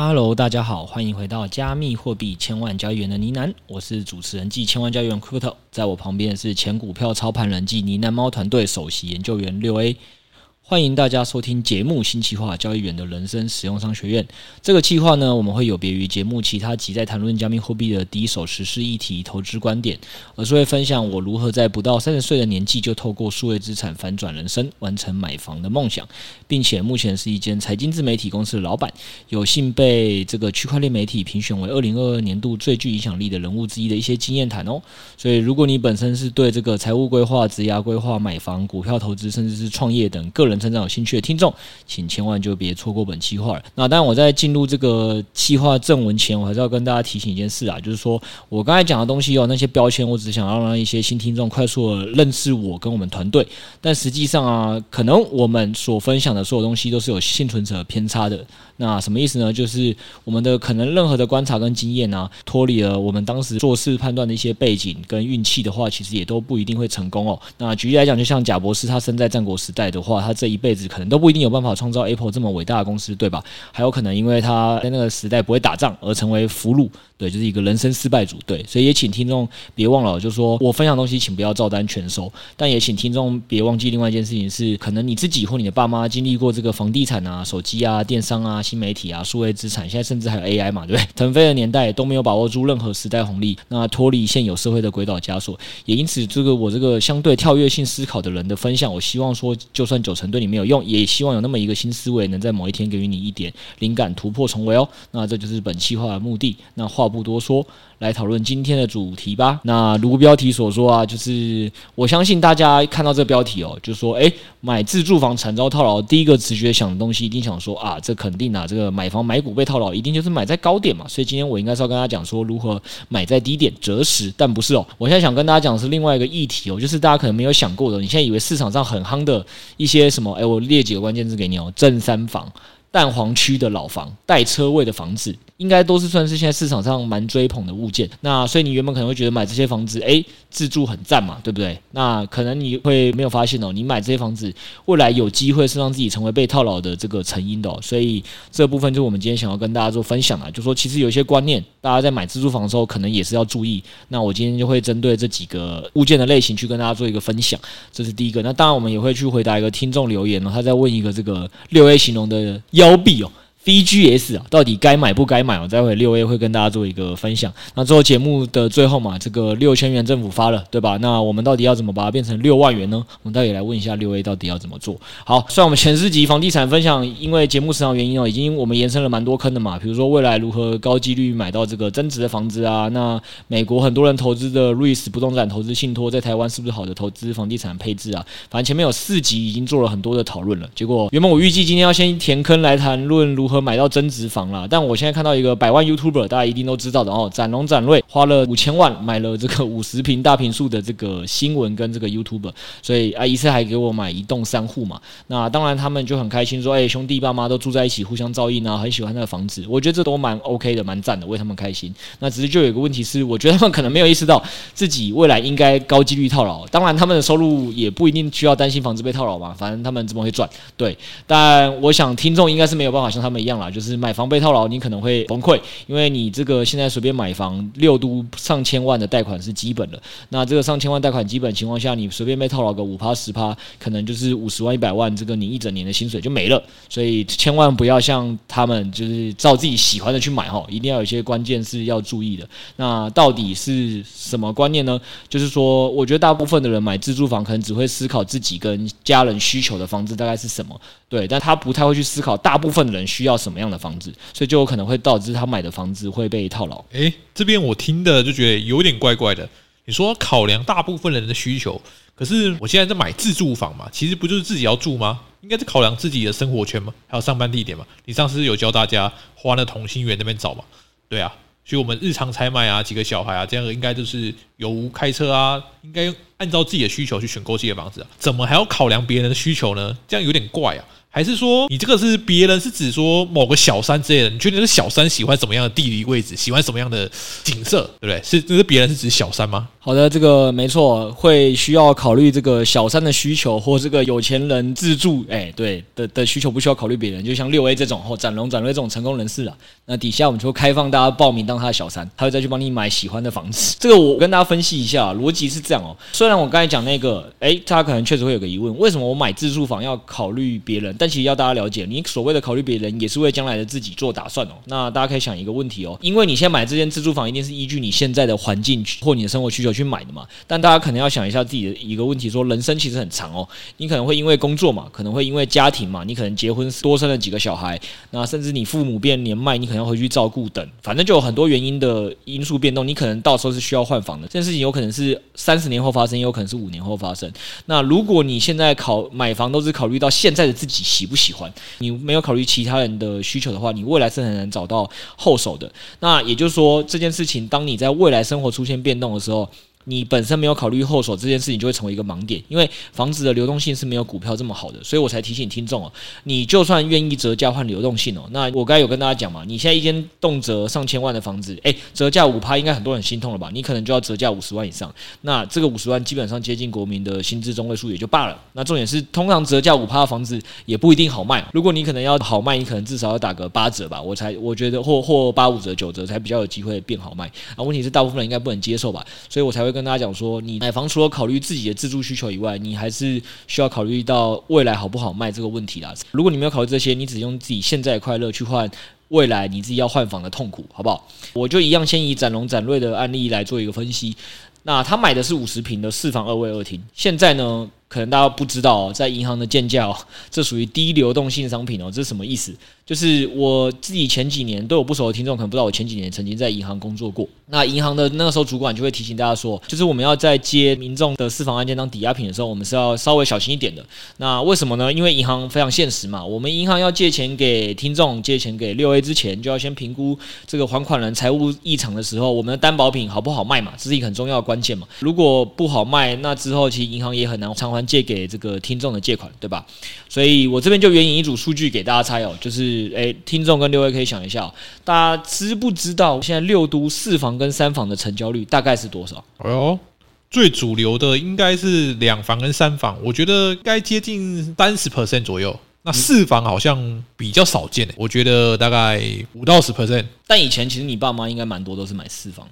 哈嘍，大家好，歡迎回到加密貨幣千萬交易員的呢喃，我是主持人暨千萬交易員庫比特，在我旁邊是前股票操盤人暨呢喃貓團隊首席研究員六 A。歡迎大家收聽節目《新企劃交易員的人生實用商學院》。這個企劃呢，我們會有別於節目其他集在談論加密貨幣的第一手實時議題、投資觀點，而是會分享我如何在不到三十歲的年紀就透過數位資產反轉人生，完成買房的夢想，並且目前是一間財經自媒體公司的老板，有幸被這個區塊鏈媒體評選為二零二二年度最具影響力的人物之一的一些經驗談哦。所以，如果你本身是對這個財務規劃、職業規劃、買房、股票投資，甚至是創業等個人成長有興趣的聽眾，請千萬就別錯過本期話。那當然，我在進入這個計劃正文前，我還是要跟大家提醒一件事啊，就是說我剛才講的東西有、喔、那些標籤，我只是想要讓一些新聽眾快速的認識我跟我們團隊。但實際上啊，可能我們所分享的所有東西都是有幸存者偏差的。那什麼意思呢？就是我們的可能任何的觀察跟經驗啊，脫離了我們當時做事判斷的一些背景跟運氣的話，其實也都不一定會成功哦、喔。那舉例來講，就像賈伯斯他身在戰國時代的話，他這一輩子可能都不一定有辦法創造 Apple 這麼偉大的公司，對吧？還有可能因為他在那個時代不會打仗而成為俘虜，對，就是一個人生失敗組，對。所以也請聽眾別忘了，就是說我分享東西，請不要照單全收。但也請聽眾別忘記另外一件事情是，可能你自己或你的爸媽經歷過這個房地產啊、手機啊、電商啊、新媒體啊、數位資產，現在甚至還有 AI 嘛，對不對？騰飛的年代都沒有把握住任何時代紅利，那脫離現有社會的軌道枷鎖，也因此，這個我這個相對跳躍性思考的人的分享，我希望說，就算九成，對你沒有用，也希望有那麼一個新思維，能在某一天給予你一點靈感，突破重圍哦。那這就是本企劃的目的。那話不多說，來討論今天的主題吧。那如標題所說啊，就是我相信大家看到這標題哦、喔，就是說哎、欸，買自住房慘遭套牢，第一個直覺想的東西一定想說啊，這肯定啊，這個買房買股被套牢，一定就是買在高點嘛。所以今天我應該是要跟大家講說如何買在低點擇時，但不是哦、喔。我現在想跟大家講是另外一個議題哦、喔，就是大家可能沒有想過的，你現在以為市場上很夯的一些。什麼？哎，我列幾個關鍵字給你哦，正三房。蛋黃區的老房帶車位的房子，應該都是算是現在市場上蠻追捧的物件。那所以你原本可能會覺得買這些房子，誒、欸，自住很讚嘛，對不對？那可能你會沒有發現哦、喔，你買這些房子，未來有機會是讓自己成為被套牢的這個成因的哦、喔。所以這部分就我們今天想要跟大家做分享啊，就說其實有一些觀念，大家在買自住房的時候，可能也是要注意。那我今天就會針對這幾個物件的類型去跟大家做一個分享，這是第一個。那當然我們也會去回答一個聽眾留言哦、喔，他在問一個這個六 A 形容的。妖幣哦。VGS 啊，到底該買不該買？我待會六 A 會跟大家做一個分享。那最後節目的最後嘛，這個六千元政府發了，對吧？那我們到底要怎麼把它變成六萬元呢？我們到底來問一下六 A 到底要怎麼做。好，算我們前四集房地產分享，因為節目時長原因哦，已經我們延伸了蠻多坑的嘛。比如說未來如何高幾率買到這個增值的房子啊？那美國很多人投資的 REITs 不動產投資信托，在台灣是不是好的投資房地產配置啊？反正前面有四集已經做了很多的討論了。結果原本我預計今天要先填坑來談論如如何買到增值房了，但我現在看到一個百萬 YouTuber，大家一定都知道的哦、喔。展榮展瑞花了五千萬買了這個五十坪大坪數的這個新聞跟這個 YouTuber，所以啊，一次還給我買一棟三戶嘛。那當然他們就很開心說：“哎、欸，兄弟爸媽都住在一起，互相照應啊，很喜歡那個房子。”我覺得這都蠻 OK 的，蠻讚的，為他們開心。那只是就有一個問題是，我覺得他們可能沒有意識到自己未來應該高幾率套牢。當然他們的收入也不一定需要擔心房子被套牢嘛，反正他們怎麼會賺？對。但我想聽眾應該是沒有辦法像他們。一樣啦，就是買房被套牢，你可能會崩潰，因為你這個現在隨便買房，六都上千萬的貸款是基本的。那這個上千萬貸款基本情況下，你隨便被套牢個五趴十趴，可能就是五十萬一百萬，這個你一整年的薪水就沒了。所以千萬不要像他們，就是照自己喜歡的去買哈，一定要有一些關鍵是要注意的。那到底是什麼觀念呢？就是說，我覺得大部分的人買自住房，可能只會思考自己跟家人需求的房子大概是什麼，對，但他不太會去思考大部分人需。要什麼樣的房子，所以就有可能會導致他買的房子會被套牢。欸，誒，這邊我聽的就覺得有點怪怪的。你說考量大部分人的需求，可是我現在在買自住房嘛，其實不就是自己要住嗎？應該是考量自己的生活圈嗎？還有上班地點嘛。你上次有教大家花那同心圓那邊找嘛？對啊，所以我們日常採買啊，幾個小孩啊，這樣應該就是有無開車啊，應該按照自己的需求去選購自己的房子啊。怎麼還要考量別人的需求呢？這樣有點怪啊。還是說，你這個是別人是指說某個小三之類的？你確定是小三喜歡什麼樣的地理位置，喜歡什麼樣的景色，對不對？是，就是別人是指小三嗎？好的，這個沒錯，會需要考慮這個小三的需求，或這個有錢人自住，哎，對的的需求，不需要考慮別人。就像六 A 這種，或展榮、展瑞這種成功人士啊，那底下我們就會開放大家報名當他的小三，他會再去幫你買喜歡的房子。這個我跟大家分析一下，邏輯是這樣哦。雖然我剛才講那個，哎，大家可能確實會有個疑問，為什麼我買自住房要考慮別人？但其實要大家了解，你所謂的考慮別人，也是為將來的自己做打算哦。那大家可以想一個問題哦，因為你現在買這間自住房，一定是依據你現在的環境或你的生活需求去買的嘛。但大家可能要想一下自己的一個問題說，人生其實很長哦，你可能會因為工作嘛，可能會因為家庭嘛，你可能結婚多生了幾個小孩，那甚至你父母變年邁，你可能要回去照顧，等，反正就有很多原因的因素變動。你可能到時候是需要換房的，這件事情有可能是三十年後發生，也有可能是五年後發生。那如果你現在考買房，都是考慮到現在的自己。喜不喜歡？你沒有考慮其他人的需求的話，你未來是很難找到後手的。那也就是說，這件事情，當你在未來生活出現變動的時候。你本身沒有考慮後手這件事情，就會成為一個盲點，因為房子的流動性是沒有股票這麼好的，所以我才提醒聽眾哦、喔，你就算願意折價換流動性哦、喔，那我剛才有跟大家講嘛，你現在一間動輒上千萬的房子，誒、欸，折價五趴應該很多人心痛了吧？你可能就要折價五十萬以上，那這個五十萬基本上接近國民的薪資中位數也就罷了。那重點是，通常折價五趴的房子也不一定好賣，如果你可能要好賣，你可能至少要打個八折吧，我才我覺得或或八五折九折才比較有機會變好賣。啊，問題是大部分人應該不能接受吧，所以我才會。跟大家講說，你買房除了考慮自己的自住需求以外，你還是需要考慮到未來好不好賣這個問題啦。如果你沒有考慮這些，你只用自己現在的快樂去換未來你自己要換房的痛苦，好不好？我就一樣，先以展榮展瑞的案例來做一個分析。那他買的是五十坪的四房二衛二廳，現在呢，可能大家不知道、哦，在銀行的鑑價，哦，這屬於低流動性商品哦，這是什麼意思？就是我自己前幾年對我不熟的聽眾，可能不知道我前幾年曾經在銀行工作過。那銀行的那個時候主管就會提醒大家說，就是我們要在接民眾的私房案件當抵押品的時候，我們是要稍微小心一點的。那為什麼呢？因為銀行非常現實嘛，我們銀行要借錢給聽眾，借錢給六 A 之前，就要先評估這個還款人財務異常的時候，我們的擔保品好不好賣嘛？這是一個很重要的關鍵嘛。如果不好賣，那之後其實銀行也很難償還借給這個聽眾的借款，對吧？所以我這邊就援引一組數據給大家猜哦、喔，就是。哎、欸，聽眾跟六位可以想一下，大家知不知道現在六都四房跟三房的成交率大概是多少？哎呦，最主流的應該是兩房跟三房，我覺得該接近三十 percent 左右。那四房好像比較少見、欸，我覺得大概五到十 percent。但以前其實你爸媽應該蠻多都是買四房。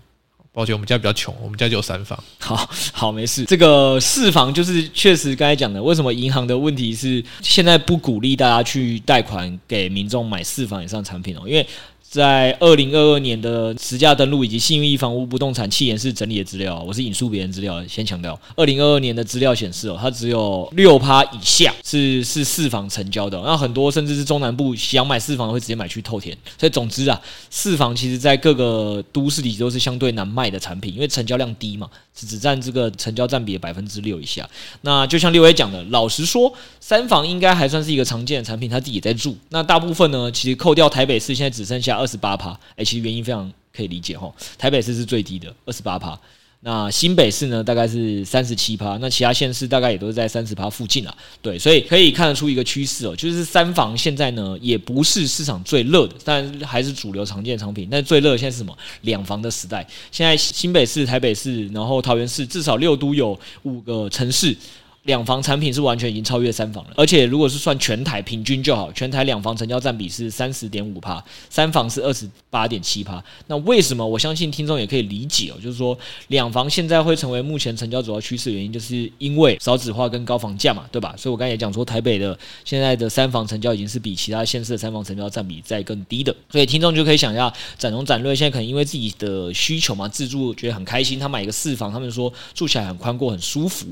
我覺得我們家比較窮，我們家就有三房。好，好，沒事。這個四房就是確實剛才講的，為什麼銀行的問題是現在不鼓勵大家去貸款給民眾買四房以上產品哦，因為。在二零二二年的實價登錄以及信義房屋不動產企研室整理的資料，我是引述別人資料的先強調，二零二二年的資料顯示哦，它只有六趴以下是是四房成交的，那很多甚至是中南部想買四房的會直接買去透天。所以總之啊，四房其實在各個都市裡都是相對難賣的產品，因為成交量低嘛，只只占這個成交占比的百分之六以下。那就像六威講的，老實說，三房應該還算是一個常見的產品，他自己也在住，那大部分呢，其實扣掉台北市，現在只剩下。二十八趴，誒、欸，其實原因非常可以理解吼，台北市是最低的，二十八趴。那新北市呢，大概是三十七趴。那其他縣市大概也都是在三十趴附近啊。對，所以可以看得出一個趨勢哦，就是三房現在呢也不是市場最熱的，但還是主流常見的產品。那最熱現在是什麼？兩房的時代。現在新北市、台北市，然後桃園市，至少六都有五個城市。兩房產品是完全已經超越三房了，而且如果是算全台平均就好，全台兩房成交占比是三十點五趴，三房是二十八點七趴。那為什麼？我相信聽眾也可以理解哦，就是說兩房現在會成為目前成交主要趨勢的原因，就是因為少子化跟高房價嘛，對吧？所以我剛才也講說，台北的現在的三房成交已經是比其他縣市的三房成交占比再更低的，所以聽眾就可以想一下，展榮展瑞現在可能因為自己的需求嘛，自住覺得很開心，他買一個四房，他們說住起來很寬闊、很舒服。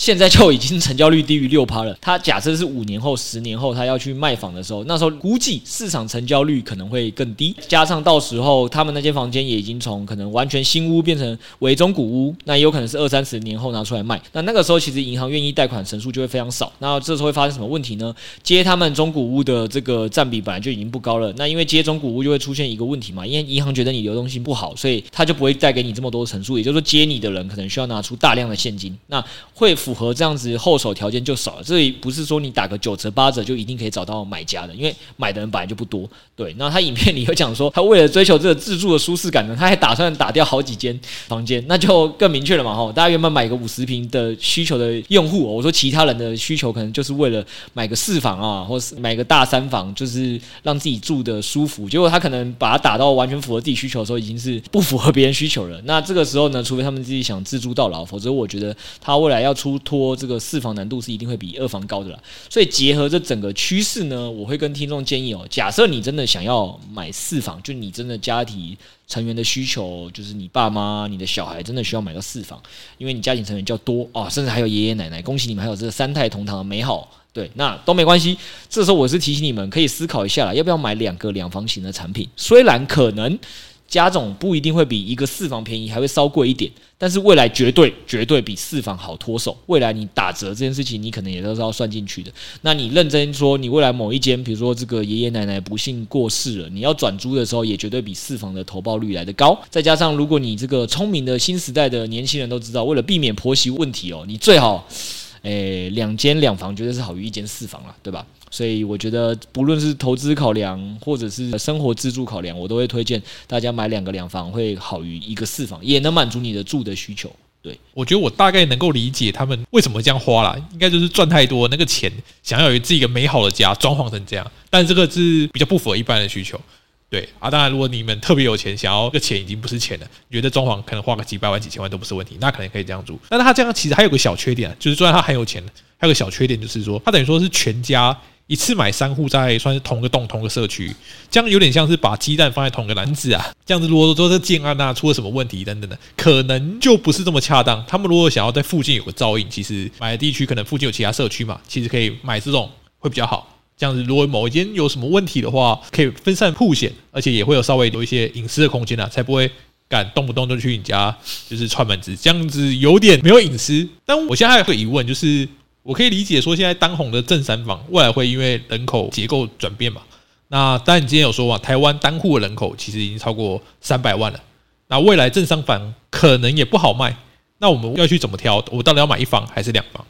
現在就已經成交率低於六趴了。他假設是五年後、十年後，他要去賣房的時候，那時候估計市場成交率可能會更低。加上到時候他們那間房間也已經從可能完全新屋變成為中古屋，那也有可能是二三十年後拿出來賣。那那個時候其實銀行願意貸款成數就會非常少。那這時候會發生什麼問題呢？接他們中古屋的這個佔比本來就已經不高了。那因為接中古屋就會出現一個問題嘛，因為銀行覺得你流動性不好，所以他就不會帶給你這麼多成數。也就是說，接你的人可能需要拿出大量的現金，那會符合這樣子後手條件就少了，這裡不是說你打個九折八折就一定可以找到買家的，因為買的人本來就不多。對，那他影片裡有講說，他為了追求這個自住的舒適感呢，他還打算打掉好幾間房間，那就更明確了嘛，吼，大家原本買個五十平的需求的用戶，我說其他人的需求可能就是為了買個四房啊，或是買個大三房，就是讓自己住得舒服，結果他可能把它打到完全符合自己需求的時候，已經是不符合別人需求了。那這個時候呢，除非他們自己想自住到老，否則我覺得他未來要出。拖這個四房難度是一定會比二房高的啦，所以結合這整個趨勢呢，我會跟聽眾建議哦、喔。假設你真的想要買四房，就你真的家庭成員的需求，就是你爸媽、你的小孩真的需要買到四房，因為你家庭成員較多哦、啊，甚至還有爺爺奶奶，恭喜你們還有這個三代同堂的美好，對，那都沒關係。這時候我是提醒你們，可以思考一下了，要不要買兩個兩房型的產品？雖然可能。家總不一定會比一個四房便宜，還會稍貴一點。但是未來絕對絕對比四房好脫手。未來你打折這件事情，你可能也都是要算進去的。那你認真說，你未來某一間，比如說這個爺爺奶奶不幸過世了，你要轉租的時候，也絕對比四房的投報率來得高。再加上，如果你這個聰明的新時代的年輕人都知道，為了避免婆媳問題哦，你最好，誒兩間兩房絕對是好於一間四房啦，對吧？所以我覺得，不論是投資考量，或者是生活自住考量，我都會推薦大家買兩個兩房，會好於一個四房，也能滿足你的住的需求。對，我覺得我大概能夠理解他們為什麼這樣花啦，應該就是賺太多那個錢，想要有自己一個美好的家，裝潢成這樣。但是這個是比較不符合一般的需求。對啊，當然，如果你們特別有錢，想要這個錢已經不是錢了，你覺得裝潢可能花個幾百萬、幾千萬都不是問題，那可能可以這樣住。那他這樣其實還有個小缺點，就是雖然他很有錢，還有個小缺點就是說，他等於說是全家。一次買三戶，在算是同個棟同個社區，這樣有點像是把雞蛋放在同一個籃子啊。這樣子，如果說這建案啊出了什麼問題等等的，可能就不是這麼恰當。他們如果想要在附近有個照應，其實買的地區可能附近有其他社區嘛，其實可以買這種會比較好。這樣子，如果某一間有什麼問題的話，可以分散曝險，而且也會有稍微多一些隱私的空間啊，才不會敢動不動就去你家就是串門子，這樣子有點沒有隱私。但我現在還有個疑問就是。我可以理解說，現在當紅的正三房未來會因為人口結構轉變嘛？那當然，你之前有說嘛，台灣單戶的人口其實已經超過三百萬了。那未來正三房可能也不好賣。那我們要去怎麼挑？我到底要買一房還是兩房？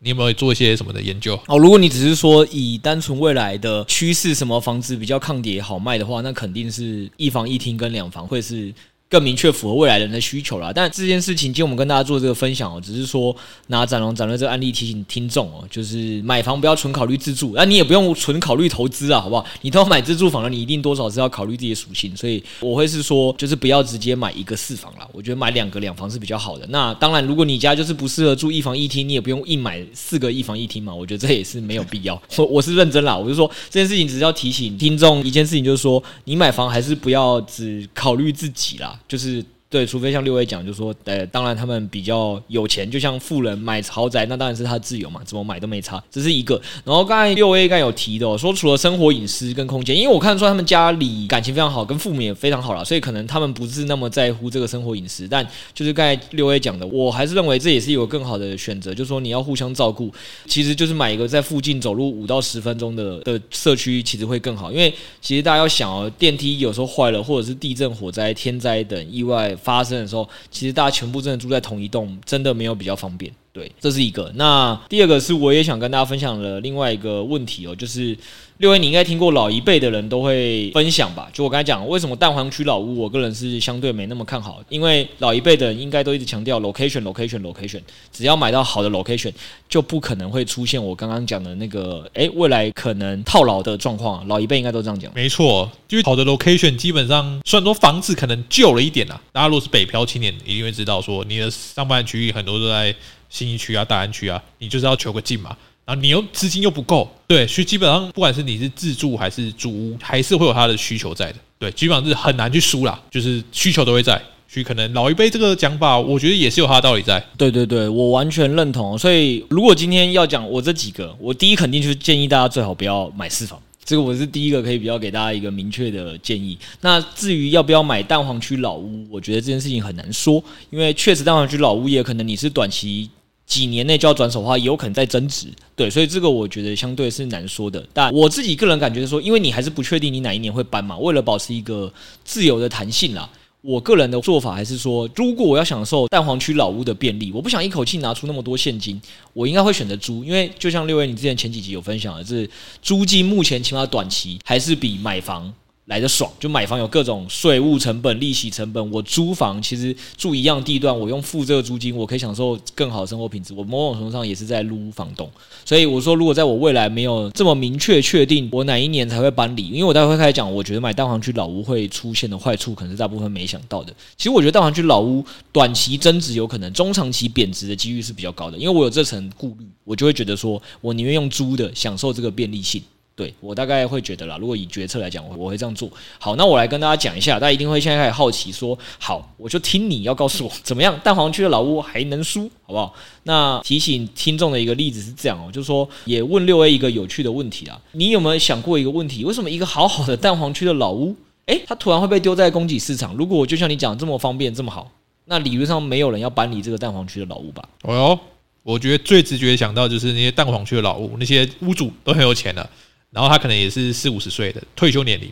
你有沒有做一些什麼的研究？哦，如果你只是說以單純未來的趨勢，什麼房子比較抗跌好賣的話，那肯定是一房一廳跟兩房會是。更明確符合未來人的需求了，但這件事情今天我們跟大家做這個分享哦、喔，只是說拿展榮展瑞這個案例提醒聽眾哦，就是買房不要純考慮自住，那你也不用純考慮投資啊，好不好？你都要買自住房了，你一定多少是要考慮自己的屬性，所以我會是說，就是不要直接買一個四房了，我覺得買兩個兩房是比較好的。那當然，如果你家就是不適合住一房一廳，你也不用硬買四個一房一廳嘛，我覺得這也是沒有必要。我我是認真啦，我就說這件事情只是要提醒聽眾一件事情，就是說你買房還是不要只考慮自己啦。就是。對，除非像六 A 講，就說，呃，當然他們比較有錢，就像富人買豪宅，那當然是他自由嘛，怎麼買都沒差。這是一個。然後剛才六 A 剛才有提的，說除了生活隱私跟空間，因為我看得出他們家裡感情非常好，跟父母也非常好啦，所以可能他們不是那麼在乎這個生活隱私。但就是剛才六 A 講的，我還是認為這也是一個更好的選擇，就是說你要互相照顧，其實就是買一個在附近走路五到十分鐘的的社區，其實會更好。因為其實大家要想哦，電梯有時候壞了，或者是地震、火災、天災等意外。發生的時候，其實大家全部真的住在同一棟，真的沒有比較方便。對，這是一個。那第二個是我也想跟大家分享的另外一個問題哦，就是。六位你應該聽過老一輩的人都會分享吧？就我剛才講，為什麼蛋黃區老屋，我個人是相對沒那麼看好，因為老一輩的人應該都一直強調 location，location，location，location 只要買到好的 location，就不可能會出現我剛剛講的那個，誒，未來可能套牢的狀況。老一輩應該都這樣講。沒錯，因為好的 location 基本上，雖然說房子可能舊了一點啊。大家如果是北漂青年，一定會知道說，你的上班區域很多都在信義區啊、大安區啊，你就是要求個近嘛。然後你又資金又不夠，對，所以基本上不管是你是自住還是租屋，還是會有它的需求在的，對，基本上是很難去輸啦，就是需求都會在，所以可能老一輩這個講法，我覺得也是有它的道理在。對對對，我完全認同。所以如果今天要講我這幾個，我第一肯定就是建議大家最好不要買私房，這個我是第一個可以比較給大家一個明確的建議。那至於要不要買蛋黃區老屋，我覺得這件事情很難說，因為確實蛋黃區老屋也可能你是短期。幾年內就要轉手的話，也有可能再增值，對，所以這個我覺得相對是難說的。但我自己個人感覺是說，因為你還是不確定你哪一年會搬嘛，為了保持一個自由的彈性啦，我個人的做法還是說，如果我要享受蛋黃區老屋的便利，我不想一口氣拿出那麼多現金，我應該會選擇租，因為就像六月你之前前幾集有分享的是，租金目前起碼短期還是比買房，來得爽，就買房有各種稅務成本、利息成本。我租房，其實住一樣地段，我用付這個租金，我可以享受更好的生活品質。我某種程度上也是在擼房東。所以我說，如果在我未來沒有這麼明確確定，我哪一年才會搬離？因為我待會會開始講，我覺得買蛋黃區老屋會出現的壞處，可能是大部分沒想到的。其實我覺得蛋黃區老屋短期增值有可能，中長期貶值的幾率是比較高的。因為我有這層顧慮，我就會覺得說，我寧願用租的，享受這個便利性。對我大概會覺得啦，如果以決策來講，我我會這樣做。好，那我來跟大家講一下，大家一定會現在開始好奇說：好，我就聽你要告訴我怎麼樣。蛋黃區的老屋還能輸，好不好？那提醒聽眾的一個例子是這樣哦，就是說也問六 A 一個有趣的問題啊，你有沒有想過一個問題？為什麼一個好好的蛋黃區的老屋，誒，它突然會被丟在供給市場？如果我就像你講這麼方便這麼好，那理論上沒有人要搬離這個蛋黃區的老屋吧？哦喲，我覺得最直覺想到就是那些蛋黃區的老屋，那些屋主都很有錢的。然後他可能也是四五十歲的退休年齡，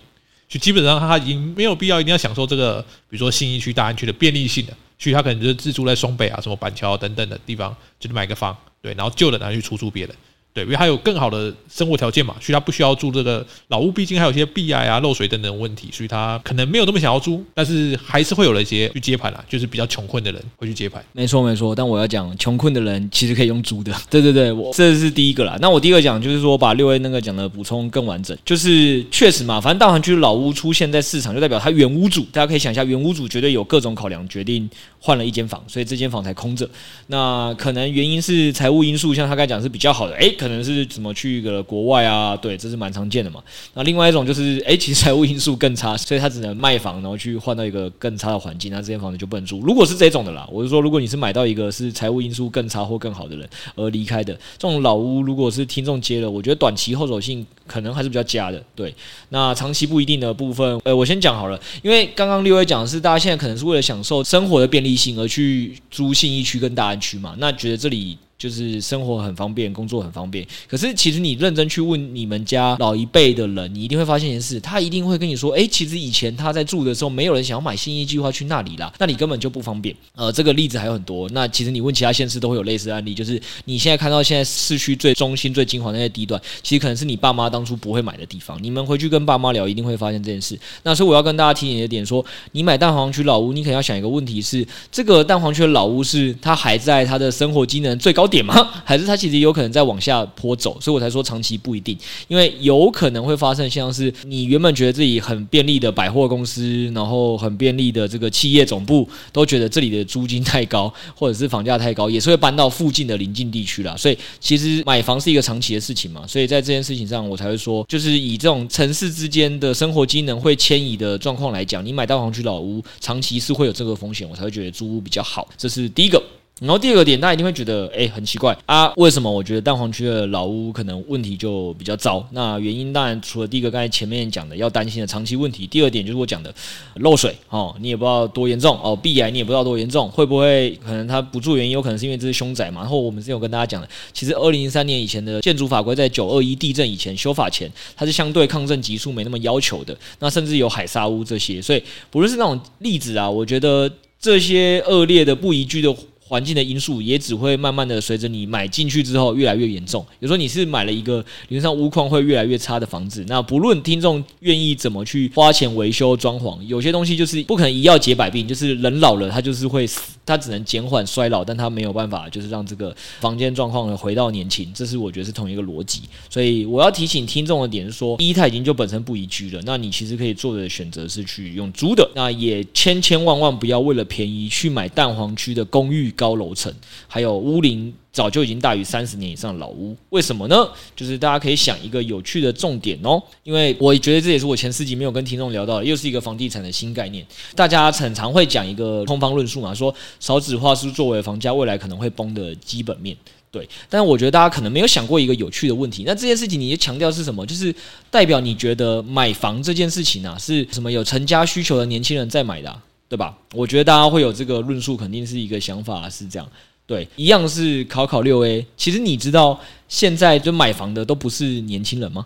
就基本上他已經沒有必要一定要享受這個，比如說信義區、大安區的便利性的，所以他可能就是自住在雙北啊，什麼板橋等等的地方，就買個房，對，然後舊的拿去出租別人。對，因為他有更好的生活條件嘛，所以他不需要住這個老屋，畢竟還有一些壁癌啊、漏水等等問題，所以他可能沒有那麼想要租，但是還是會有了一些去接盤啦。就是比較窮困的人會去接盤。沒錯沒錯，但我要講窮困的人其實可以用租的。對對對，我這是第一個啦。那我第二講就是說把六 A 那個講的補充更完整，就是確實嘛，反正蛋黃區老屋出現在市場，就代表它原屋主，大家可以想一下，原屋主絕對有各種考量決定。換了一間房，所以這間房才空着。那可能原因是財務因素，像他剛才講是比較好的，誒、欸，可能是怎麼去一個國外啊？對，這是蠻常見的嘛。那另外一種就是，誒、欸，其實財務因素更差，所以他只能賣房，然後去換到一個更差的環境，那這間房子就不能住。如果是這種的啦，我是說，如果你是買到一個是財務因素更差或更好的人而離開的這種老屋，如果是聽眾接了，我覺得短期後手性可能還是比較佳的。對，那長期不一定的部分，呃、欸，我先講好了，因為剛剛六位講的是大家現在可能是為了享受生活的便利。提醒而去，租信義區跟大安區嘛，那覺得這裡。就是生活很方便，工作很方便。可是其實你認真去問你們家老一輩的人，你一定會發現一件事，他一定會跟你說，誒，其實以前他在住的時候，沒有人想要買信義計畫去那裡啦，那裡根本就不方便。呃，這個例子還有很多。那其實你問其他縣市都會有類似的案例，就是你現在看到現在市區最中心、最精華的那些地段，其實可能是你爸媽當初不會買的地方。你們回去跟爸媽聊，一定會發現這件事。那所以我要跟大家提點一點，說你買蛋黃區老屋，你可能要想一個問題，是這個蛋黃區的老屋是他還在他的生活機能最高點嗎？還是它其實有可能在往下坡走，所以我才說長期不一定，因為有可能會發生像是你原本覺得自己很便利的百貨公司，然後很便利的這個企業總部都覺得這裡的租金太高，或者是房價太高，也是會搬到附近的鄰近地區啦。所以其實買房是一個長期的事情嘛，所以在這件事情上，我才會說，就是以這種城市之間的生活機能會遷移的狀況來講，你買到蛋黃區老屋，長期是會有這個風險，我才會覺得租屋比較好。這是第一個。然後第二個點，大家一定會覺得，誒、欸、很奇怪啊，為什麼我覺得蛋黃區的老屋可能問題就比較糟？那原因當然除了第一個剛才前面講的要擔心的長期問題，第二點就是我講的漏水哦，你也不知道多嚴重哦，壁癌你也不知道多嚴重，會不會可能它不住原因，有可能是因為這是凶宅嘛？然後我們之前有跟大家講的，其實二零零三年以前的建築法規，在九二一地震以前修法前，它是相對抗震級數沒那麼要求的，那甚至有海沙屋這些，所以不論是那種例子啊，我覺得這些惡劣的不宜居的。環境的因素也只會慢慢的隨着你買進去之後越來越嚴重。有時候你是買了一個理論上屋況會越來越差的房子，那不論聽眾願意怎麼去花錢維修裝潢，有些東西就是不可能一藥解百病，就是人老了他就是會死，他只能減緩衰老，但他沒有辦法就是讓這個房間狀況回到年輕。這是我覺得是同一個邏輯。所以我要提醒聽眾的點是說，一它已經就本身不宜居了，那你其實可以做的選擇是去用租的。那也千千萬萬不要為了便宜去買蛋黃區的公寓。高樓層，還有屋齡早就已經大於三十年以上的老屋，為什麼呢？就是大家可以想一個有趣的重點哦，因為我覺得這也是我前四集沒有跟聽眾聊到的，又是一個房地產的新概念。大家常常會講一個通方論述嘛，說少子化是作為房價未來可能會崩的基本面。對，但是我覺得大家可能沒有想過一個有趣的問題，那這件事情你就強調是什麼？就是代表你覺得買房這件事情啊，是什麼有成家需求的年輕人在買的啊？對吧？我覺得大家會有這個論述，肯定是一個想法是這樣。對，一樣是考考六 A。其實你知道現在就買房的都不是年輕人嗎？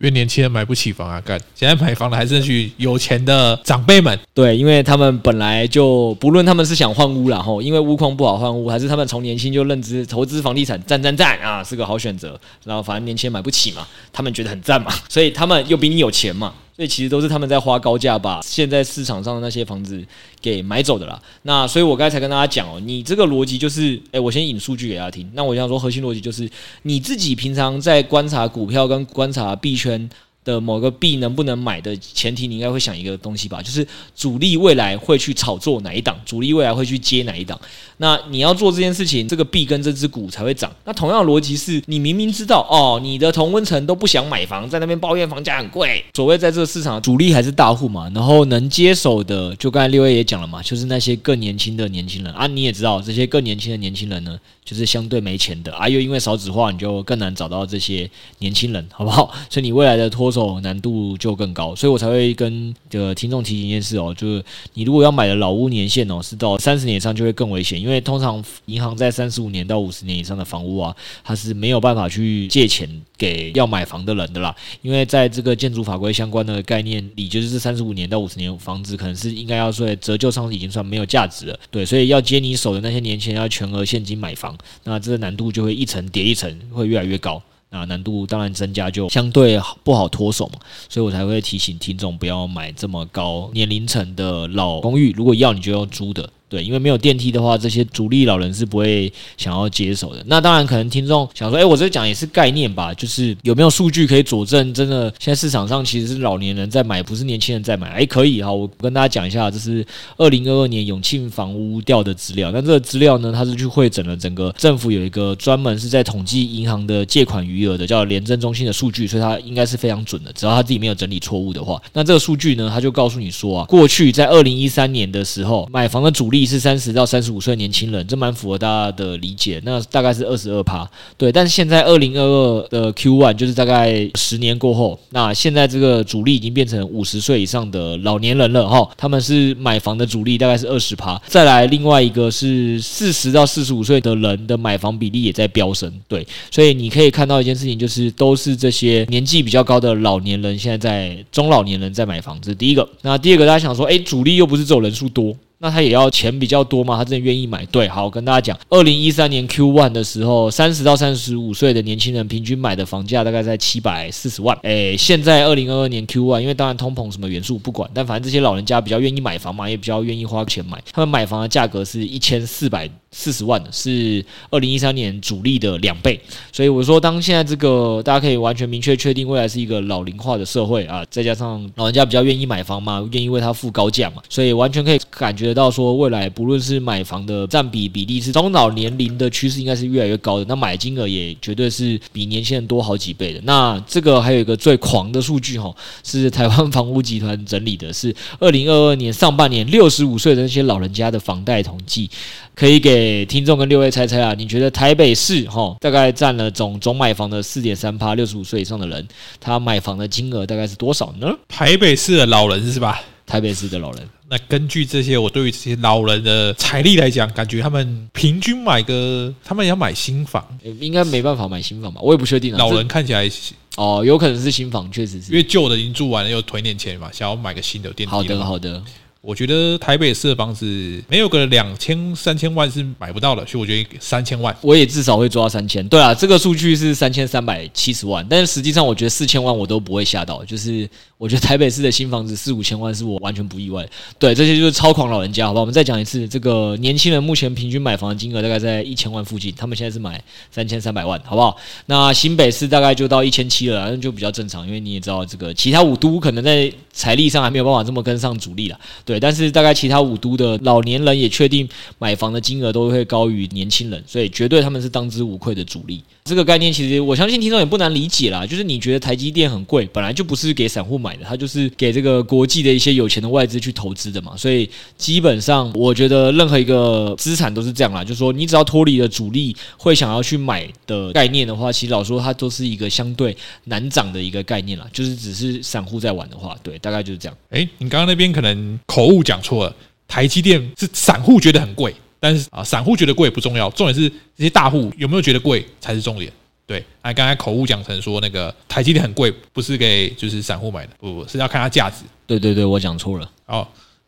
因為年輕人買不起房啊，幹現在買房的還是那群有錢的長輩們。對，因為他們本來就不論他們是想換屋然後因為屋況不好換屋，還是他們從年輕就認知投資房地產讚讚讚啊是個好選擇。然後反正年輕人買不起嘛，他們覺得很讚嘛，所以他們又比你有錢嘛。這其實都是他們在花高價把現在市場上的那些房子給買走的啦。那所以我剛才才跟大家講哦，你這個邏輯就是，哎，我先引數據給大家聽。那我想說核心邏輯就是，你自己平常在觀察股票跟觀察幣圈，的某個幣能不能買的前提，你應該會想一個東西吧，就是主力未來會去炒作哪一檔，主力未來會去接哪一檔。那你要做這件事情，這個幣跟這隻股才會漲。那同樣邏輯是，你明明知道哦，你的同溫層都不想買房，在那邊抱怨房價很貴。所謂在這個市場，主力還是大戶嘛，然後能接手的，就剛才六月也講了嘛，就是那些更年輕的年輕人啊。你也知道，這些更年輕的年輕人呢，就是相對沒錢的啊，又因為少子化，你就更難找到這些年輕人，好不好？所以你未來的脫手，哦，難度就更高，所以我才會跟這個聽眾提醒一件事哦，就是你如果要買的老屋年限哦，是到三十年以上，就會更危險，因為通常銀行在三十五年到五十年以上的房屋啊，它是沒有辦法去借錢給要買房的人的啦，因為在這個建築法規相關的概念裡，就是這三十五年到五十年的房子可能是應該要說折舊上已經算沒有價值了，對，所以要接你手的那些年輕人要全額現金買房，那這個難度就會一層疊一層，會越來越高。啊，難度當然增加，就相對不好脫手嘛，所以我才會提醒聽眾不要買這麼高年齡層的老公寓，如果要，你就要租的。對，因為沒有電梯的話，這些主力老人是不會想要接手的。那當然，可能聽眾想說，哎，我這講也是概念吧？就是有沒有數據可以佐證，真的現在市場上其實是老年人在買，不是年輕人在買？哎，可以哈，我跟大家講一下，這是二零二二年永慶房屋調的資料。那這個資料呢，它是去匯整了整個政府有一個專門是在統計銀行的借款餘額的，叫聯徵中心的數據，所以它應該是非常準的，只要他自己沒有整理錯誤的話。那這個數據呢，他就告訴你說啊，過去在二零一三年的時候，買房的主力。一是三十到三十五歲年輕人，這蠻符合大家的理解。那大概是二十二趴，對。但是現在二零二二的 Q1，就是大概十年過後，那現在這個主力已經變成五十歲以上的老年人了哈。他們是買房的主力，大概是二十趴。再來另外一個是四十到四十五歲的人的買房比例也在飆升，對。所以你可以看到一件事情，就是都是這些年紀比較高的老年人現在在中老年人在買房子。第一個，那第二個大家想說，誒，主力又不是只有人數多。那他也要錢比較多嘛，他真的願意買。對，好，我跟大家講，二零一三年 Q one 的時候，三十到三十五歲的年輕人平均買的房價大概在七百四十萬。誒，現在二零二二年 Q one，因為當然通膨什麼元素不管，但反正這些老人家比較願意買房嘛，也比較願意花錢買，他們買房的價格是一千四百。四十萬的是二零一三年主力的兩倍，所以我說，當現在這個大家可以完全明確確定，未來是一個老齡化的社會啊，再加上老人家比較願意買房嘛，願意為他付高價嘛，所以完全可以感覺到說，未來不論是買房的占比比例，是中老年齡的趨勢，應該是越來越高的。那買金額也絕對是比年輕人多好幾倍的。那這個還有一個最狂的數據哈，是台灣房屋集團整理的，是二零二二年上半年六十五歲的那些老人家的房貸統計，可以給。誒，聽眾跟六位猜猜啊，你覺得台北市吼大概佔了總總買房的四點三趴，六十五歲以上的人他買房的金額大概是多少呢？台北市的老人是吧？台北市的老人，那根據這些，我對於這些老人的財力來講，感覺他們平均買個，他們也要買新房，應該沒辦法買新房吧？我也不確定。老人看起來哦，有可能是新房，確實是，因為舊的已經住完了，又囤點錢嘛，想要買個新的電梯。好的，好的。我覺得台北市的房子沒有個兩千三千萬是買不到的，所以我覺得三千萬，我也至少會抓三千。對啊，這個數據是三千三百七十萬，但是實際上我覺得四千萬我都不會嚇到，就是我覺得台北市的新房子四五千萬是我完全不意外。對，這些就是超狂老人家，好不好？我們再講一次，這個年輕人目前平均買房的金額大概在一千萬附近，他們現在是買三千三百萬，好不好？那新北市大概就到一千七了，那就比較正常，因為你也知道，這個其他五都可能在財力上還沒有辦法這麼跟上主力了。對，但是大概其他五都的老年人也確定買房的金額都會高於年輕人，所以絕對他們是當之無愧的主力。這個概念其實我相信聽眾也不難理解啦，就是你覺得台積電很貴，本來就不是給散戶買的，它就是給這個國際的一些有錢的外資去投資的嘛。所以基本上我覺得任何一個資產都是這樣啦，就是說你只要脫離了主力會想要去買的概念的話，其實老說它都是一個相對難漲的一個概念啦。就是只是散戶在玩的話，對，大概就是這樣。誒、欸，你剛剛那邊可能。口誤講錯了，台積電是散戶覺得很貴，但是啊，散戶覺得貴不重要，重點是這些大戶有沒有覺得貴才是重點。對，那剛才口誤講成說那個台積電很貴，不是給就是散戶買的，不，不，是要看它價值。對對對，我講錯了。哦，然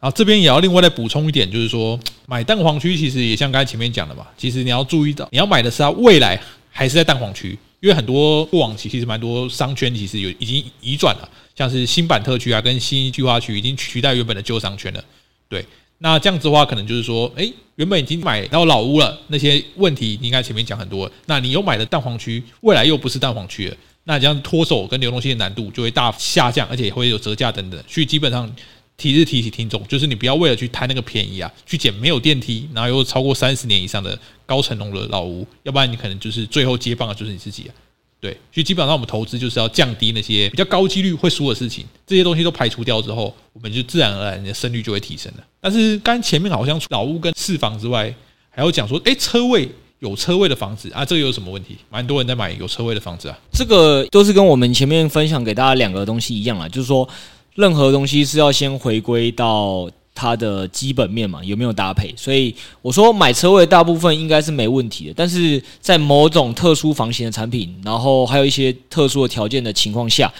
後、啊、這邊也要另外再補充一點，就是說買蛋黃區其實也像剛才前面講的嘛，其實你要注意到，你要買的是它未來還是在蛋黃區，因為很多過往其實蠻多商圈其實有已經移轉了。像是新版特區啊，跟新一區花區已經取代原本的舊商圈了。對，那這樣子的話，可能就是說，哎、欸，原本已經買到老屋了，那些問題你應該前面講很多。那你又買的蛋黃區，未來又不是蛋黃區了，那這樣脫手跟流動性的難度就會大下降，而且也會有折價等等。所以基本上提是提醒聽眾，就是你不要為了去貪那個便宜啊，去撿沒有電梯，然後又超過三十年以上的高層樓的老屋，要不然你可能就是最後接棒的就是你自己、啊。對，所以基本上我們投資就是要降低那些比較高幾率會輸的事情，這些東西都排除掉之後，我們就自然而然你的勝率就會提升了。但是剛前面好像除老屋跟四房之外，還要講說，誒，欸，車位，有車位的房子啊，這個有什麼問題？蠻多人在買有車位的房子啊，這個都是跟我們前面分享給大家兩個東西一樣啊，就是說任何東西是要先回歸到。它的基本面嘛，有沒有搭配？所以我說買車位大部分應該是沒問題的，但是在某種特殊房型的產品，然後還有一些特殊的條件的情況下。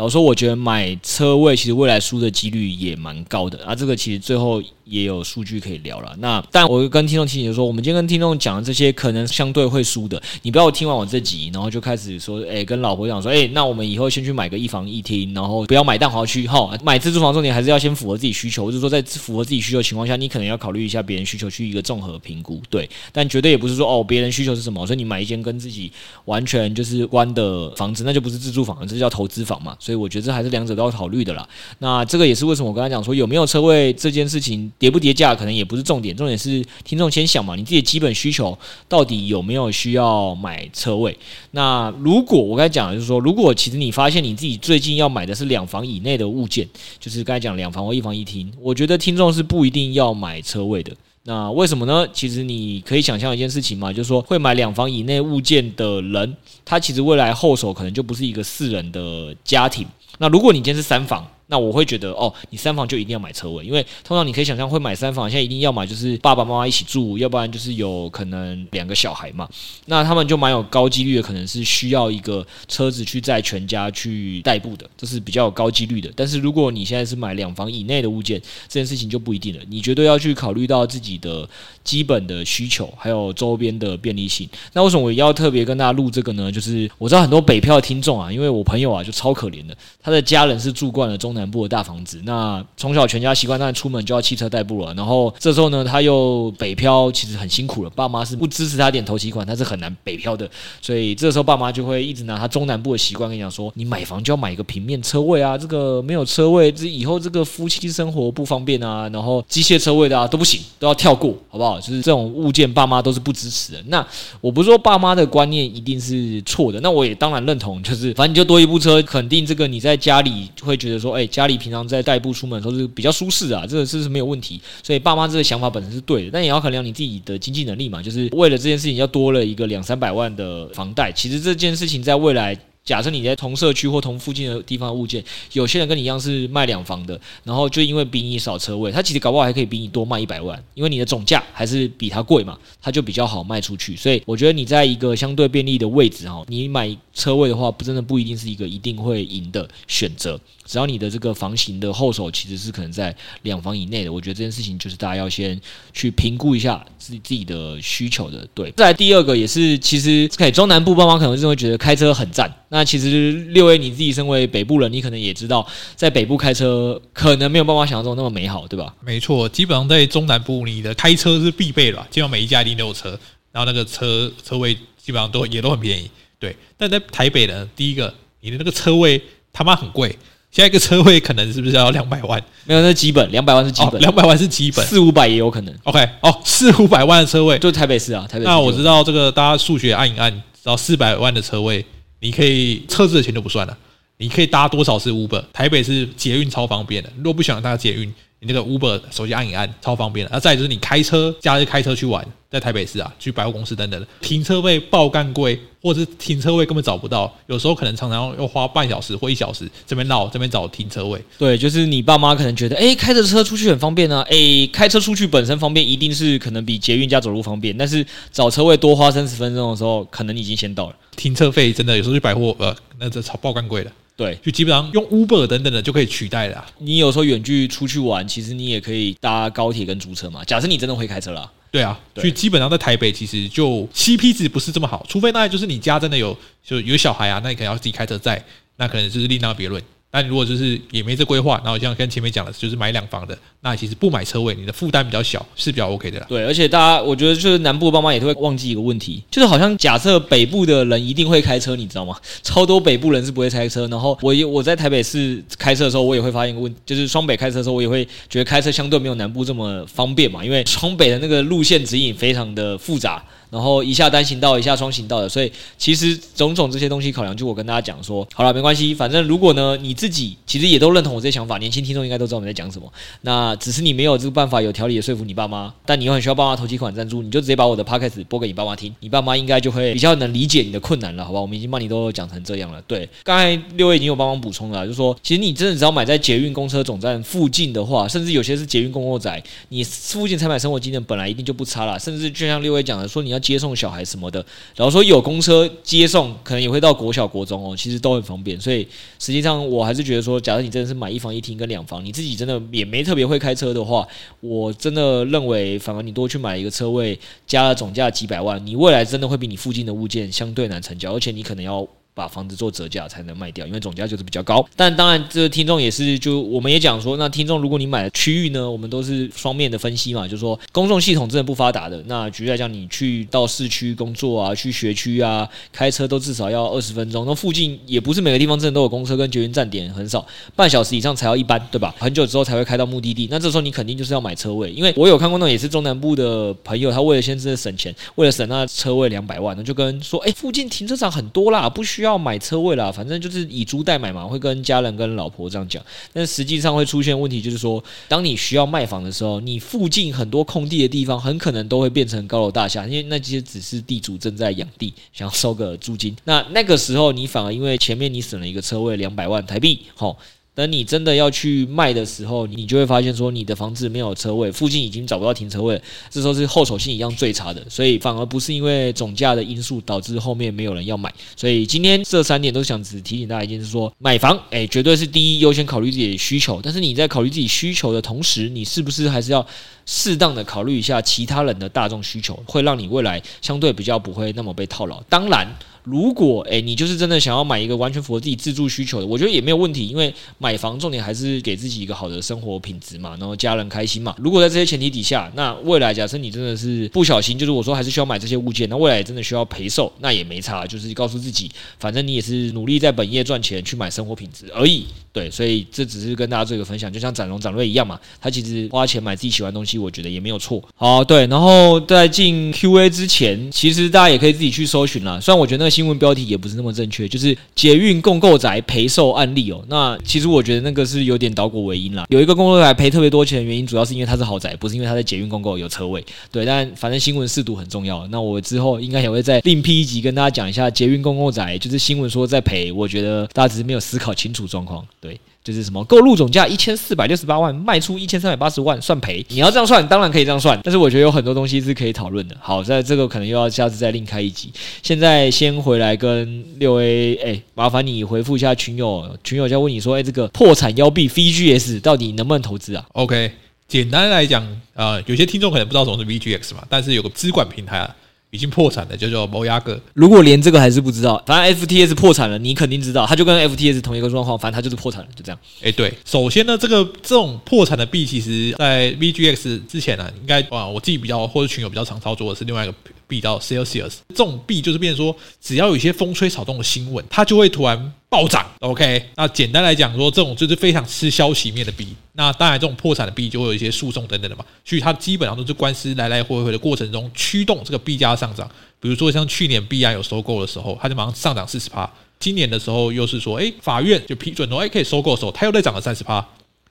老實說，我覺得買車位其實未來輸的幾率也蠻高的啊。這個其實最後也有數據可以聊了。那但我跟聽眾提醒說，我們今天跟聽眾講的這些可能相對會輸的，你不要聽完我這集，然後就開始說，哎，跟老婆講說，哎，那我們以後先去買個一房一廳，然後不要買蛋黃區，哈，買自住房重點，你還是要先符合自己需求，就是說在符合自己需求的情況下，你可能要考慮一下別人需求去一個綜合評估，對。但絕對也不是說哦，別人需求是什麼，所以你買一間跟自己完全就是關的房子，那就不是自住房，這叫投資房嘛。所以我覺得這還是兩者都要考慮的啦。那這個也是為什麼我剛才講說，有沒有車位這件事情跌不跌價，可能也不是重點，重點是聽眾先想嘛，你自己的基本需求到底有沒有需要買車位？那如果我剛才講的就是說，如果其實你發現你自己最近要買的是兩房以內的物件，就是剛才講兩房或一房一廳，我覺得聽眾是不一定要買車位的。那為什麼呢？其實你可以想象一件事情嘛，就是說會買兩房以內物件的人，他其實未來後手可能就不是一個四人的家庭。那如果你今天是三房。那我會覺得哦，你三房就一定要買車位，因為通常你可以想象會買三房，現在一定要買，就是爸爸媽媽一起住，要不然就是有可能兩個小孩嘛，那他們就蠻有高幾率的，可能是需要一個車子去載全家去代步的，這是比較有高幾率的。但是如果你現在是買兩房以內的物件，這件事情就不一定了，你絕對要去考慮到自己的基本的需求，還有周邊的便利性。那為什麼我要特別跟大家錄這個呢？就是我知道很多北漂的聽眾啊，因為我朋友啊就超可憐的，他的家人是住慣了中南，南部的大房子，那從小全家習慣，當然出門就要汽車代步了。然後這時候呢，他又北漂，其實很辛苦了。爸媽是不支持他點頭期款，他是很難北漂的。所以這時候爸媽就會一直拿他中南部的習慣跟你講說：“你買房就要買一個平面車位啊，這個沒有車位，這以後這個夫妻生活不方便啊。然後機械車位的啊都不行，都要跳過，好不好？就是這種物件，爸媽都是不支持的。那我不是說爸媽的觀念一定是錯的，那我也當然認同，就是反正你就多一部車，肯定這個你在家裡就會覺得說，哎、欸。”家裡平常在代步出門都是比較舒適啊，這個是沒有問題，所以爸媽這個想法本身是對的，但也要衡量你自己的經濟能力嘛，就是為了這件事情要多了一個兩三百萬的房貸，其實這件事情在未來。假設你在同社區或同附近的地方的物件，有些人跟你一樣是賣兩房的，然後就因為比你少車位，他其實搞不好還可以比你多賣一百萬，因為你的總價還是比他貴嘛，他就比較好賣出去。所以我覺得你在一個相對便利的位置哦，你買車位的話，不真的不一定是一個一定會贏的選擇。只要你的這個房型的後手其實是可能在兩房以內的，我覺得這件事情就是大家要先去評估一下自自己的需求的。對，再來第二個也是，其實可以中南部爸媽可能就會覺得開車很讚。那其實六 A，你自己身為北部人，你可能也知道，在北部開車可能沒有辦法想象中那麼美好，對吧？沒錯，基本上在中南部你的開車是必備了、啊，基本上每一家一定都有車，然後那個車車位基本上都也都很便宜，對。但在台北呢，第一個，你的那個車位他媽很貴，下一個車位可能是不是要兩百萬？沒有，那基本兩百萬是基本，哦、兩百萬是基本，四五百也有可能。OK，哦，四五百萬的車位就台北市啊，台北市。那我知道這個，大家數學按一按，只要四百萬的車位。你可以車子的錢就不算了，你可以搭多少次 Uber？台北是捷運超方便的，如果不想搭捷運。你那個 Uber 手機按一按，超方便的。那、啊、再就是你開車，假日開車去玩，在台北市啊，去百貨公司等等的，停車費爆幹貴，或者是停車位根本找不到，有時候可能常常要花半小時或一小時這邊繞這邊找停車位。對，就是你爸媽可能覺得，誒、欸、開着車出去很方便啊。誒、欸、開車出去本身方便，一定是可能比捷運加走路方便，但是找車位多花三十分鐘的時候，可能你已經先到了。停車費真的有時候去百貨呃，那這超爆幹貴的。對，就基本上用 Uber 等等的就可以取代了。你有時候遠距出去玩，其實你也可以搭高鐵跟租車嘛。假設你真的會開車了，對啊，所以基本上在台北其實就 CP 值不是這麼好，除非大概就是你家真的有，就有小孩啊，那你可能要自己開車載，那可能就是另當別論。那如果就是也沒這規劃，那我像跟前面講的就是買兩房的，那其實不買車位，你的負擔比較小，是比較 OK 的啦。對，而且大家，我覺得就是南部的爸媽也都會忘記一個問題，就是好像假設北部的人一定會開車，你知道嗎？超多北部人是不會開車，然後我我在台北市開車的時候，我也會發現一個問，就是雙北開車的時候，我也會覺得開車相對沒有南部這麼方便嘛，因為雙北的那個路線指引非常的複雜。然後一下單行道，一下雙行道的，所以其實種種這些東西考量，就我跟大家講說，好了，沒關係，反正如果呢你自己其實也都認同我這些想法，年輕聽眾應該都知道我們在講什麼。那只是你沒有這個辦法有條理的說服你爸媽，但你又很需要爸媽投幾款贊助，你就直接把我的 podcast 播給你爸媽聽，你爸媽應該就會比較能理解你的困難了，好不好？我們已經幫你都講成這樣了。對，剛才六位已經有幫忙補充了啊，就是說，其實你真的只要買在捷運公車總站附近的話，甚至有些是捷運公貨仔，你附近才買生活機能本來一定就不差了，甚至就像六位講的說，你要。接送小孩什麼的，然後說有公車接送，可能也會到國小、國中哦、喔，其實都很方便。所以實際上，我還是覺得說，假如你真的是買一房一廳跟兩房，你自己真的也沒特別會開車的話，我真的認為，反而你多去買一個車位，加總價幾百萬，你未來真的會比你附近的物件相對難成交，而且你可能要。把房子做折價才能賣掉，因為總價就是比較高。但當然，這個聽眾也是，就我們也講說，那聽眾如果你買的區域呢，我們都是雙面的分析嘛，就是說，公眾系統真的不發達的。那舉例來講，你去到市區工作啊，去學區啊，開車都至少要二十分鐘。那附近也不是每個地方真的都有公車跟捷運站點，很少，半小時以上才要一班，對吧？很久之後才會開到目的地。那這時候你肯定就是要買車位，因為我有看過那也是中南部的朋友，他為了先真的省錢，為了省那車位兩百萬，那就跟說，哎、欸，附近停車場很多啦，不需要。要買車位啦，反正就是以租代買嘛，會跟家人、跟老婆這樣講。但實際上會出現問題，就是說，當你需要賣房的時候，你附近很多空地的地方，很可能都會變成高樓大廈，因為那些只是地主正在養地，想要收個租金。那那個時候，你反而因為前面你省了一個車位，兩百萬台幣，吼。等你真的要去賣的時候，你就會發現說你的房子沒有車位，附近已經找不到停車位，這時候是後手性一樣最差的，所以反而不是因為總價的因素導致後面沒有人要買。所以今天這三點都想只提醒大家一件事：說買房、欸，誒絕對是第一優先考慮自己的需求，但是你在考慮自己需求的同時，你是不是還是要適當的考慮一下其他人的大眾需求，會讓你未來相對比較不會那麼被套牢。當然。如果哎、欸，你就是真的想要買一個完全符合自己自住需求的，我覺得也沒有問題，因為買房重點還是給自己一個好的生活品質嘛，然後家人開心嘛。如果在這些前提底下，那未來假設你真的是不小心，就是我說還是需要買這些物件，那未來真的需要賠售，那也沒差，就是告訴自己，反正你也是努力在本業賺錢去買生活品質而已。對，所以這只是跟大家做一個分享，就像展榮展瑞一樣嘛，他其實花錢買自己喜歡的東西，我覺得也沒有錯。好，對，然後在進 Q&A 之前，其實大家也可以自己去搜尋了。雖然我覺得那個。新聞標題也不是那麼正確，就是捷運共構宅賠售案例哦、喔。那其實我覺得那個是有點倒果為因啦。有一個共構宅賠特別多錢的原因，主要是因為它是豪宅，不是因為他在捷運共構有車位。對，但反正新聞識讀很重要。那我之後應該也會再另闢一集跟大家講一下捷運共構宅，就是新聞說在賠，我覺得大家只是沒有思考清楚狀況。對。就是什麼購入總價一千四百六十八萬，賣出一千三百八十萬，算賠。你要這樣算，當然可以這樣算。但是我覺得有很多東西是可以討論的。好，在這個可能又要下次再另開一集。現在先回來跟六 A，哎，麻煩你回復一下群友，群友在問你說，哎、欸，這個破產妖幣 VGS 到底能不能投資啊？OK，簡單來講，啊、呃，有些聽眾可能不知道什麼是 VGX 嘛，但是有個資管平台啊。已經破產的叫做 Voyager，如果連這個還是不知道，反正 FTX 破產了，你肯定知道，他就跟 FTX 同一個狀況，反正他就是破產了，就這樣。哎、欸，對，首先呢，這個這種破產的幣，其實，在 VGX 之前呢、啊，應該啊，我自己比較或者群友比較常操作的是另外一個。幣到 Celsius，這種幣就是變成說，只要有一些風吹草動的新聞，它就會突然暴漲。OK，那簡單來講說，這種就是非常吃消息面的幣。那當然，這種破產的幣就會有一些訴訟等等的嘛，所以它基本上都是官司來來回回的過程中驅動這個幣價上漲。比如說像去年幣安有收購的時候，它就馬上上漲四十趴。今年的時候又是說，誒、欸，法院就批准說，哎、欸，可以收購的時候，它又再漲了三十趴。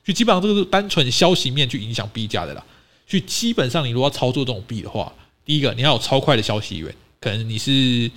所以基本上這個是單純消息面去影響幣價的啦。所以基本上你如果要操作這種幣的話，第一個，你要有超快的消息源，可能你是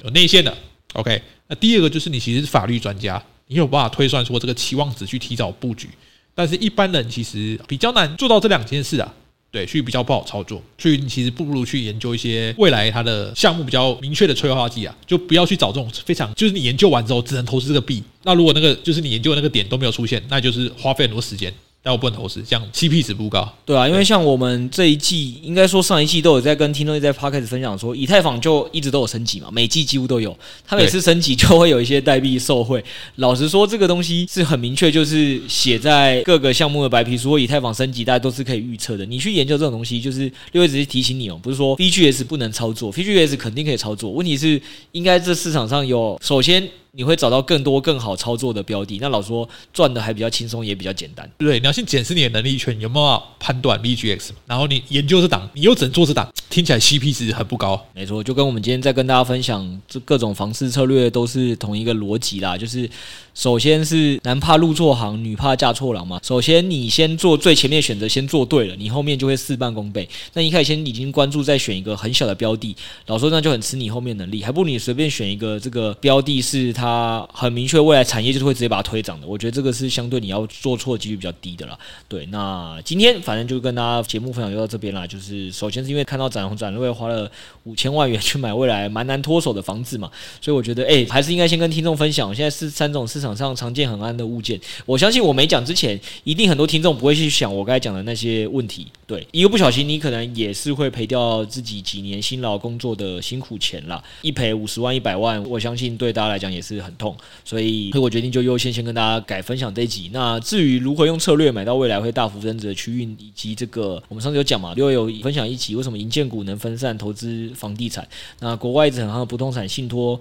有內線的，OK？那第二個就是你其實是法律專家，你有辦法推算出這個期望值去提早布局。但是一般人其實比較難做到這兩件事啊，對，所以比較不好操作，所以你其實不如去研究一些未來它的項目比較明確的催化劑啊，就不要去找這種非常就是你研究完之後只能投資這個幣，那如果那個就是你研究的那個點都沒有出現，那就是花費很多時間。但我不能投資，這樣 CP 值不高。對啊，因為像我們這一季，應該說上一季都有在跟聽眾、e、在 Podcast 開始分享說，說以太坊就一直都有升級嘛，每季幾乎都有。他每次升級就會有一些代幣受惠。老實說，這個東西是很明確，就是寫在各個項目的白皮書。以太坊升級，大家都是可以預測的。你去研究這種東西，就是六位只是提醒你哦，不是說 PGS 不能操作，PGS 肯定可以操作。問題是，應該這市場上有首先。你會找到更多更好操作的標的，那老實說賺的還比較輕鬆，也比較簡單。對，你要先檢視你的能力圈有沒有辦法判斷 v G X，然後你研究這檔，你又只能做這檔，聽起來 CP 值還不高。沒錯，就跟我們今天在跟大家分享這各種房市策略都是同一個邏輯啦，就是首先是男怕入錯行，女怕嫁錯郎嘛。首先你先做最前面選擇，先做對了，你後面就會事半功倍。那一開始先已經關注，再選一個很小的標的，老實說那就很吃你後面能力，還不如你隨便選一個這個標的是它。它很明確，未來產業就是會直接把它推漲的。我覺得這個是相對你要做錯的幾率比較低的了。對，那今天反正就跟大家節目分享就到這邊啦。就是首先是因為看到展榮展瑞花了五千萬元去買未來蠻難脫手的房子嘛，所以我覺得誒、欸，還是應該先跟聽眾分享。現在是三種市場上常見很安的物件，我相信我沒講之前，一定很多聽眾不會去想我剛才講的那些問題。對，一個不小心，你可能也是會賠掉自己幾年辛勞工作的辛苦錢啦。一賠五十萬、一百萬，我相信對大家來講也是很痛。所以，我決定就優先先跟大家改分享這一集。那至於如何用策略買到未來會大幅增值的區域，以及這個我們上次有講嘛，六月有分享一集，為什麼營建股能分散投資房地產？那國外一直很行的不動產信托。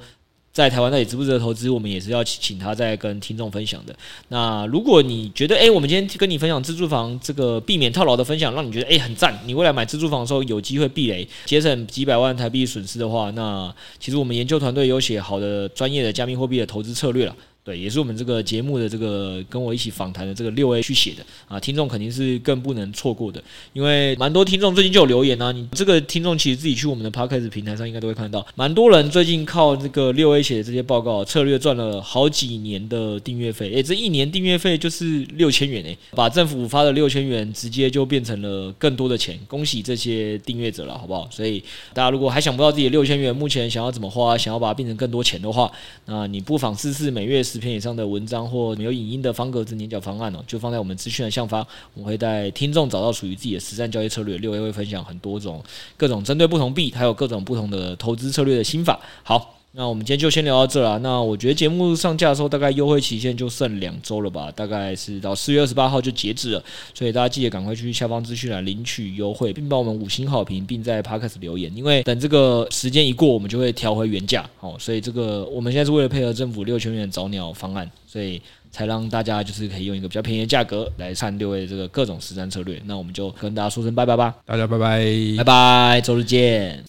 在台灣到底值不值得投資？我們也是要請他再跟聽眾分享的。那如果你覺得，誒，我們今天跟你分享自住房這個避免套牢的分享，讓你覺得誒、欸、很讚，你未來買自住房的時候有機會避雷，節省幾百萬台幣損失的話，那其實我們研究團隊有寫好的專業的加密貨幣的投資策略了。也是我們這個節目的這個跟我一起訪談的這個六 A 去寫的啊，聽眾肯定是更不能錯過的，因為蠻多聽眾最近就有留言啊。你這個聽眾其實自己去我們的 Podcast 平台上應該都會看到，蠻多人最近靠這個六 A 寫的這些報告策略賺了好幾年的訂閱費，誒，這一年訂閱費就是六千元誒、欸，把政府發的六千元直接就變成了更多的錢，恭喜這些訂閱者了，好不好？所以大家如果還想不到自己六千元目前想要怎麼花，想要把它變成更多錢的話，那你不妨試試每月是。篇以上的文章或沒有影音的方格子年繳方案哦，就放在我們資訊的下方，我會帶聽眾找到屬於自己的實戰交易策略。六 A 會分享很多種各種針對不同幣，還有各種不同的投資策略的心法。好。那我們今天就先聊到這了。那我覺得節目上架的時候，大概優惠期限就剩兩周了吧，大概是到四月二十八號就截止了。所以大家記得趕快去下方資訊來領取優惠，並幫我們五星好評，並在 Podcast 留言。因為等這個時間一過，我們就會調回原價。好，所以這個我們現在是為了配合政府六千元早鳥方案，所以才讓大家就是可以用一個比較便宜的價格來上六位這個各種實戰策略。那我們就跟大家說聲拜拜吧，大家拜拜，拜拜，周日見。